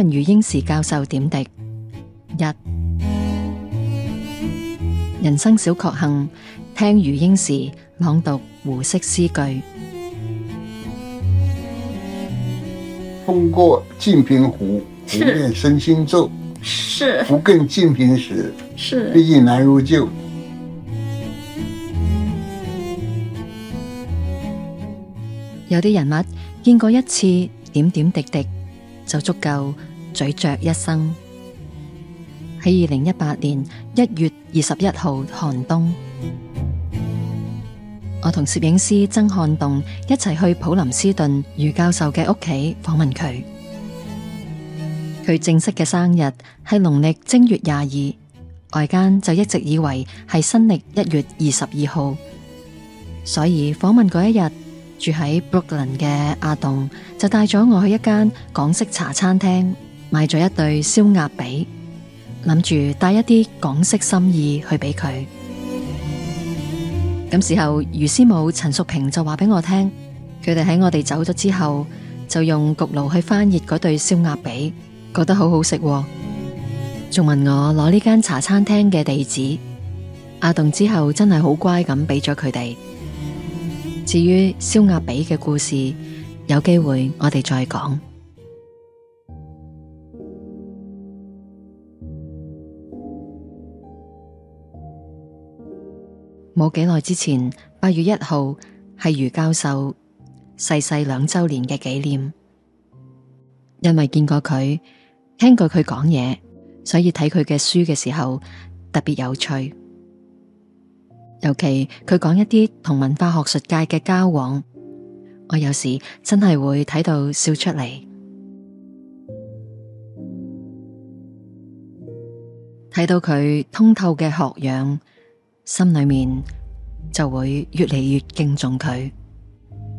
問余英時教授點滴一人生小確幸，聽余英時朗讀胡適詩句。風過鏡平湖，湖面生輕皺，是不更鏡平時，是畢竟難如舊。有啲人物見過一次點點滴滴就足夠。咀嚼一生，喺二零一八年一月二十一號寒冬，我同攝影師曾漢棟一齊去普林斯頓余教授嘅屋企訪問佢。佢正式嘅生日係農曆正月廿二，外間就一直以為係新曆一月二十二號，所以訪問嗰一日住喺布魯克林嘅阿棟就帶咗我去一間港式茶餐廳。買咗一對燒鴨髀，諗住帶一啲港式心意去俾佢。咁時候，余師母陳淑平就話俾我聽，佢哋喺我哋走咗之後，就用焗爐去翻熱嗰對燒鴨髀，覺得好好食啊。仲問我攞呢間茶餐廳嘅地址。阿棟之後真係好乖咁俾咗佢哋。至於燒鴨髀嘅故事，有機會我哋再講。冇幾耐之前，八月一號係余教授逝世兩周年嘅紀念。因為見過佢，聽過佢講嘢，所以睇佢嘅書嘅時候特別有趣。尤其佢講一啲同文化學術界嘅交往，我有時真係會睇到笑出嚟。睇到佢通透嘅學養。心裏面就會越嚟越敬重佢，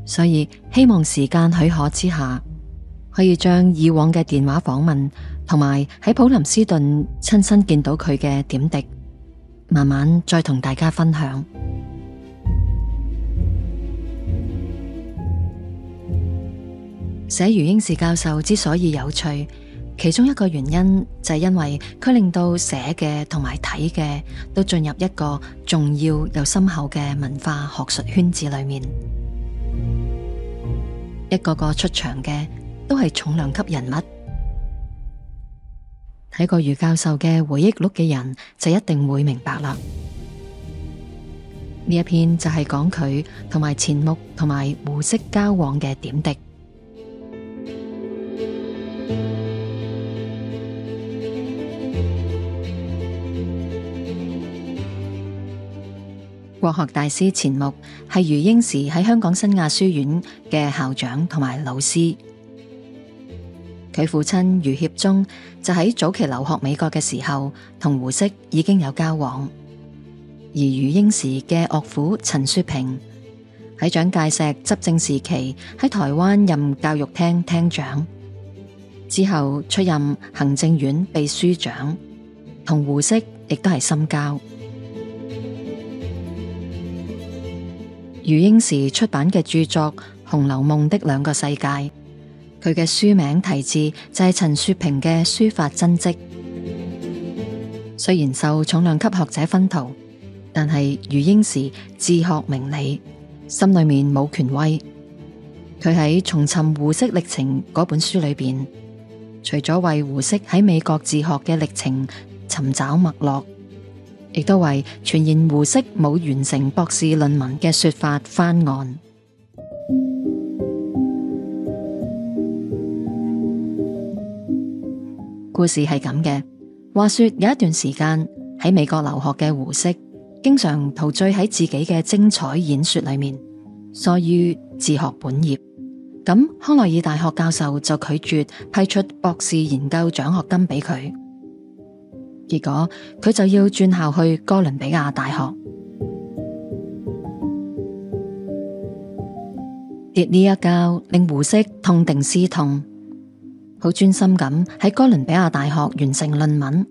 所以希望時間許可之下，可以將以往嘅電話訪問同埋喺普林斯頓親身見到佢嘅點滴，慢慢再同大家分享。寫余英時教授之所以有趣。其中一個原因就係因為佢令到寫嘅同埋睇嘅都進入一個重要又深厚嘅文化學術圈子裏面，一個個出場嘅都係重量級人物。睇過余教授嘅回憶錄嘅人就一定會明白啦。呢一篇就係講佢同埋錢穆同埋胡適交往嘅點滴。國學大師錢穆係余英時喺香港新亞書院嘅校長同埋老師，佢父親余協中就喺早期留學美國嘅時候同胡適已經有交往，而余英時嘅岳父陳雪屏喺蔣介石執政時期喺台灣任教育廳廳長，之後出任行政院秘書長，同胡適亦都係深交。余英時出版嘅著作《紅樓夢》的兩個世界，佢嘅書名題字就係陳雪屏嘅書法真迹。雖然受重量級學者熏陶，但係余英時自學明理，心裏面冇權威。佢喺《重尋胡適歷程》嗰本書裏邊，除咗為胡適喺美國自學嘅歷程尋找脈絡。亦都為傳言胡適冇完成博士論文嘅說法翻案。故事係咁嘅，話說有一段時間喺美國留學嘅胡適，經常陶醉喺自己嘅精彩演說裏面，所以自學本業。咁康奈爾大學教授就拒絕批出博士研究獎學金俾佢。結果佢就要轉校去哥倫比亞大學。跌呢一跤令胡適痛定思痛，好專心咁喺哥倫比亞大學完成論文，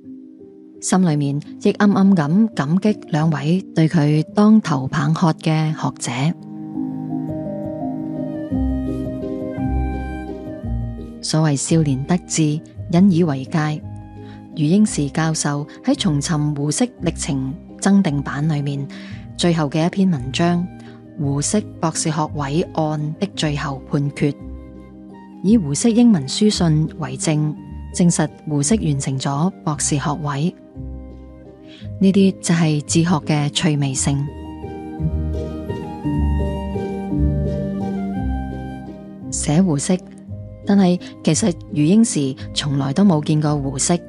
心裏面亦暗暗咁感激兩位對佢當頭棒喝嘅學者。所謂少年得志，引以為戒。余英時教授喺《重尋胡適歷程增訂版》裏面最後嘅一篇文章《胡適博士學位案的最後判決》，以胡適英文書信為證，證實胡適完成咗博士學位。呢啲就係自學嘅趣味性。寫胡適，但係其實余英時從來都冇見過胡適。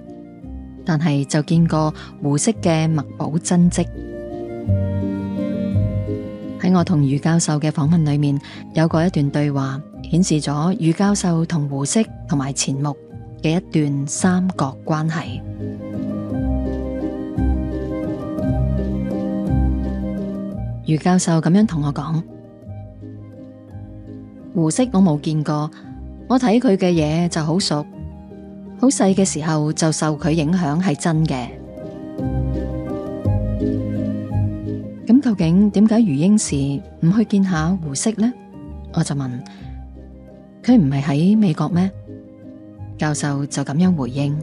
但係就見過胡適嘅墨寶真跡，喺我同余教授嘅訪問裏面，有過一段對話，顯示咗余教授同胡適同埋錢穆嘅一段三角關係。余教授咁樣同我講：胡適我冇見過，我睇佢嘅嘢就好熟。好細嘅時候就受佢影響，係真嘅，咁究竟點解余英時唔去見下胡適呢？我就問佢唔係喺美國咩？教授就咁樣回應：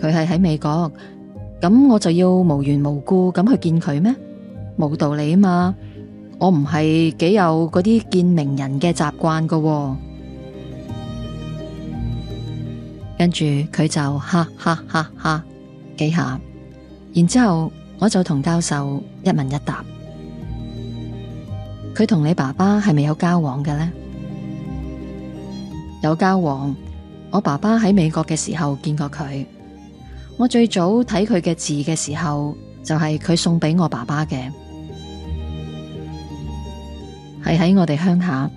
佢係喺美國，咁我就要無緣無故咁去見佢咩？冇道理啊嘛！我唔係幾有嗰啲見名人嘅習慣噶。跟住佢就哈哈哈哈幾下，然之後我就同教授一問一答。佢同你爸爸係咪有交往嘅呢？有交往，我爸爸喺美國嘅時候見過佢。我最早睇佢嘅字嘅時候，就係佢送俾我爸爸嘅，係喺我哋鄉下，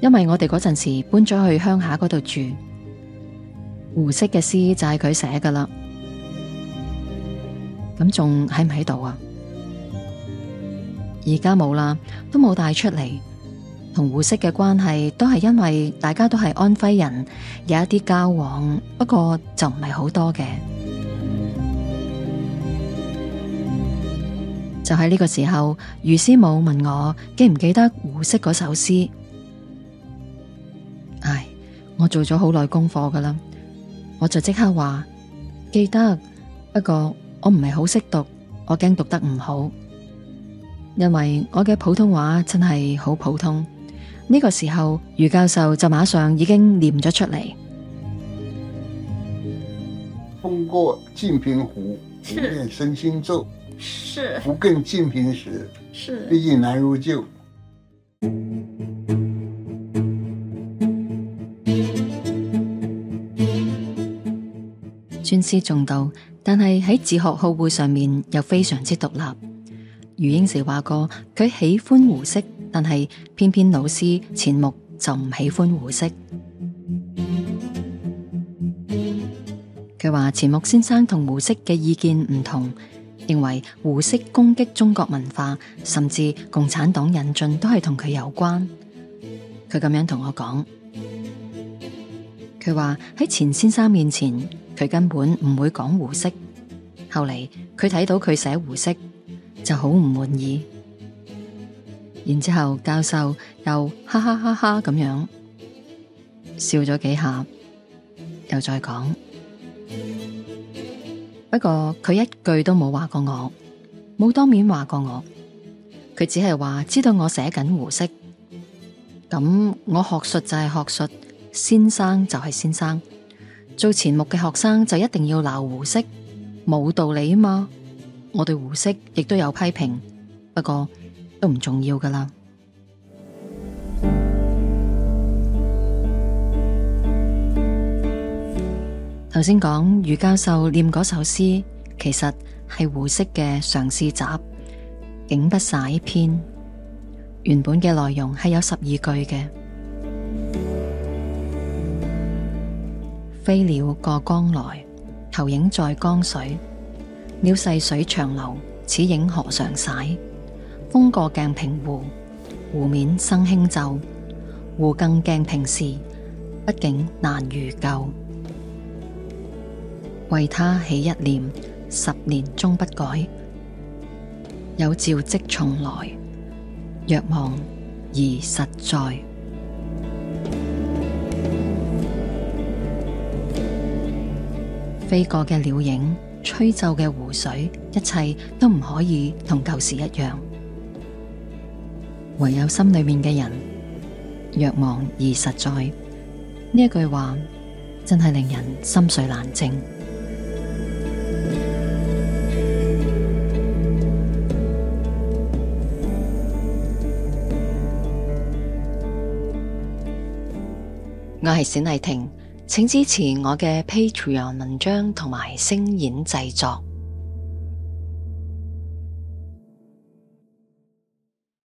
因為我哋嗰陣時搬咗去鄉下嗰度住。胡適嘅詩就係佢寫噶啦，咁仲喺唔喺度啊？而家冇啦，都冇帶出嚟。同胡適嘅關係都係因為大家都係安徽人，有一啲交往，不過就唔係好多嘅。就喺呢個時候，余師母問我記唔記得胡適嗰首詩？唉，我做咗好耐功課噶啦。我就即刻話記得，不過我唔係好識讀，我驚讀得唔好，因為我嘅普通話真係好普通。呢、這個時候，余教授就馬上已經念咗出嚟。風過鏡平湖，一面身心咒，是不更鏡平時，是畢竟難如舊。尊師重道，但係喺自學好會上面又非常之獨立。余英時話過，佢喜歡胡適，但係偏偏老師錢穆就唔喜歡胡適。佢話錢穆先生同胡適嘅意見唔同，認為胡適攻擊中國文化，甚至共產黨引進都係同佢有關。佢咁樣同我講。佢話喺錢先生面前。佢根本唔會講胡適，後嚟佢睇到佢寫胡適就好唔滿意，然之後教授又哈哈哈哈咁樣笑咗幾下，又再講。不過佢一句都冇話過我，冇當面話過我，佢只係話知道我寫緊胡適，咁我學術就係學術，先生就係先生。做錢穆嘅學生就一定要鬧胡適，冇道理啊嘛！我對胡適亦都有批評，不過都唔重要㗎喇。頭先講余教授念嗰首詩，其實係胡適嘅嘗試集，景不徙篇。原本嘅內容係有十二句嘅。飛鳥過江來，投影在江水；鳥逝水長流，此影何嘗徙？風過鏡平湖，湖面生輕皺；湖更鏡平時，畢竟難如舊。為他起一念，十年終不改；有召即重來，若忘而實在。飛過嘅鳥影，吹皺嘅湖水，一切都唔可以同舊時一樣。唯有心裏面嘅人，若忘而實在。呢一句話真係令人心碎難靜。我係冼麗婷。請支持我嘅 Patreon 文章同埋聲演製作。